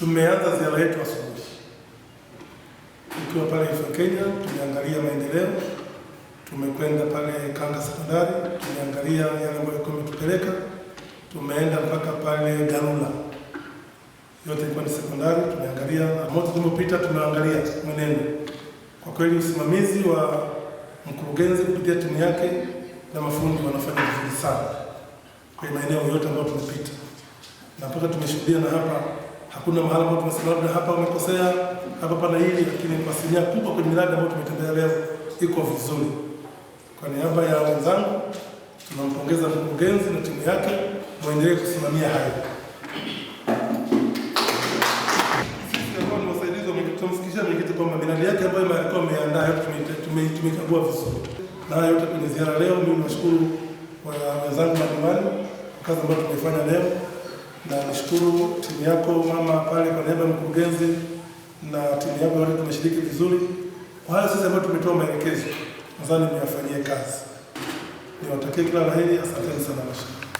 Tumeanza ziara yetu asubuhi tukiwa pale Ifwe Kenya, tumeangalia maendeleo, tumekwenda pale Kanga Sekondari, tumeangalia yale ambayo ilikuwa imetupeleka, tumeenda mpaka pale garula yote ilikuwa ni sekondari, tumeangalia moto tulipopita, tumeangalia mwenendo. Kwa kweli usimamizi wa mkurugenzi kupitia timu yake na mafundi wanafanya vizuri sana kwenye maeneo yote ambayo tumepita na mpaka tumeshuhudia na hapa hakuna mahala ambapo tumesema labda hapa umekosea, hapa pana hili, lakini asilimia kubwa kwenye miradi ambayo tumetembea leo iko vizuri. Kwa niaba ya wenzangu tunampongeza mkurugenzi na timu yake, mwendelee kusimamia hayo. Tumsikiisha mwenyekiti kwamba miradi yake ambayo alikuwa ameandaa tumeikagua vizuri, na haya yote kwenye ziara leo. Mimi nashukuru wenzangu mbalimbali kwa kazi ambayo tumefanya leo na nishukuru timu yako mama pale kwa niaba ya mkurugenzi na timu yako yote, tumeshiriki vizuri. Kwa haya sisi ambayo tumetoa maelekezo, nadhani mmeyafanyia kazi. Niwatakie kila la heri, asanteni sana.